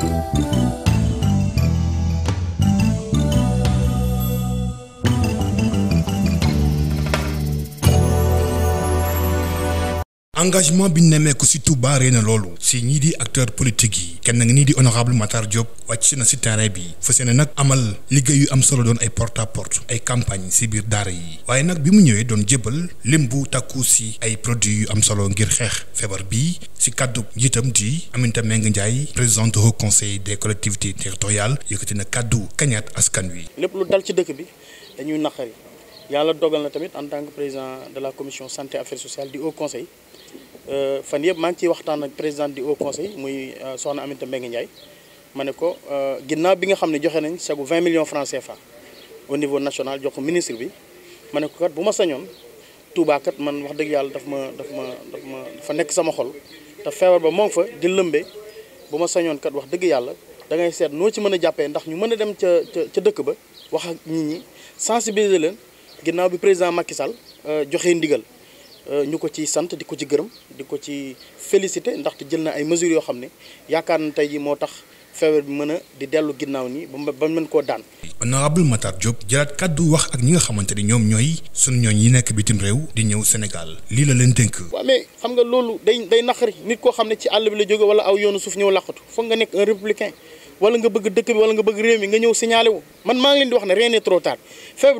thank you engagement bi nemmeeku si Touba rëy na loolu si ñii di acteur politique yi kenn nga nii di honorable Matar Diop wàcc si na si terrain bi fas yéene nag amal liggéey yu am solo doon ay porte à porte ay campagne si biir daara yi waaye nag bi mu ñëwee doon jébal lim bu takku si ay produits yu am solo ngir xeex feebar bi si kàddu njiitam di Aminata Mbengue Ndiaye présidente au conseil des collectivités territoriales yëkkati na kàddu kañaat askan wi. lépp lu dal ci dëkk yàlla dogal na tamit en tant que président de la commission santé affaires sociales du haut conseil euh, fan yëpp maa ngi ciy waxtaan ak président du haut conseil muy euh, soxna Aminata Mbengue Ndiaye ma ne ko euh, ginnaaw bi nga xam ne joxe nañ sagu 20 million francs CFA au niveau national jox ko ministre bi ma ne ko kat bu ma sañoon Touba man wax dëgg yàlla dafa ma dafa ma daf ma dafa nekk sama xol te feebar ba moo ngi fa di lëmbe bu ma sañoon kat wax dëgg yàlla da ngay seet noo ci mën a jàppee ndax ñu mën a dem ca ca dëkk ba wax ak nit ñi sensibiliser leen. ginnaaw bi président Macky Sall euh, joxe ndigal euh, ñu ko ci sant di ko ci gërëm di ko ci félicité ndaxte jël na ay mesures yoo xam ne yaakaar na tey ji moo tax feebar bi mën a di dellu ginnaaw nii ba ba mën koo daan. honorable Matar Diop jëlaat kàddu wax ak ñi nga xamante ni ñoom ñooy sunu ñooñ yi nekk bitim réew di ñëw Sénégal lii la leen dénk. waaw mais xam nga loolu day day naqari nit koo xam ne ci àll bi la jóge wala aw yoonu suuf ñëw laqatu foog nga nekk un républicain nga bëgg dëkk bi wala nga bëgg réew mi nga ñëw signalé wu man maa ngi di wax ne rien n'est trop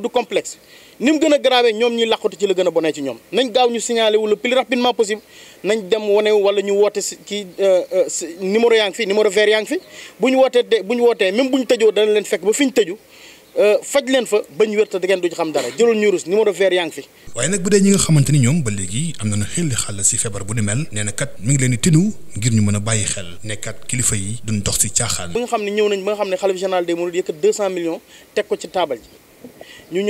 du complexe. ni gën a grave ñoom ñuy làqatu ci la gën a bonee ci ñoom nañ gaaw ñu signalé wu rapidement possible nañ dem wane wala ñu woote si kii euh, euh, numéro yaa ngi fi numéro vert bu ñu wootee de bu ñu wootee même buñ ñu tëjoo dana leen fekk ba fi ñu tëju euh, faj leen fa bañ wér te da ngeen duñ xam dara jëlul ñu rus numéro vert yaa ngi fi. waaye nag bu dee ñi nga xamante ni ñoom ba léegi am nañu xel xàll si feebar bu ni mel nee na kat mi ngi leen di tinu ngir ñu mën a bàyyi xel nekkat kilifa yi duñ dox si caaxaan. ba nga xam ne ñëw nañ ba nga xam ne xalifa général des mourides yëkkat ko ci taabal ji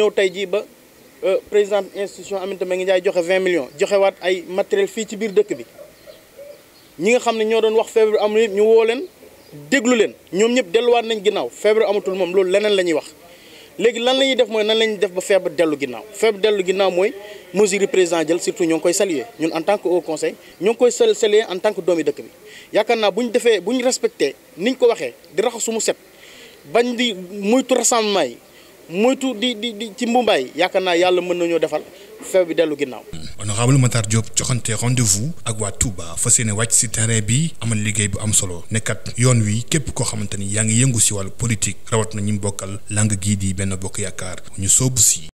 Euh, présidente institution Aminata Mbengue Ndiaye joxe 20 millions joxe waat ay matériel fii ci biir dëkk bi ñi nga xam ne ñoo doon wax feebar amul yëpp ñu woo leen déglu leen ñoom ñëpp delluwaat nañ ginnaaw feebar amatul moom loolu leneen la ñuy wax léegi lan la ñuy def mooy nan la ñuy def ba feebar dellu ginnaaw feebar dellu ginnaaw mooy mesure yi président jël surtout ñoo ngi koy saluer ñun en tant que haut conseil ñoo koy saluer en tant que doomi dëkk bi yaakaar naa bu ñu defee niñ ko waxee di su mu set bañ di muytu rassemblement yi moytu di di di ci mbumbaay yaakaar naa yàlla mën nañoo defal feew bi dellu ginnaaw. na honorable Matar Diop joxante rendez-vous ak waa Touba fas yéene wàcc si terrain bi amal liggéey bu am solo nekkat yoon wi képp koo xamante ni yaa ngi yëngu si wàllu politique rawat na ñi bokkal langue gii di benn bokk yaakaar ñu soobu si.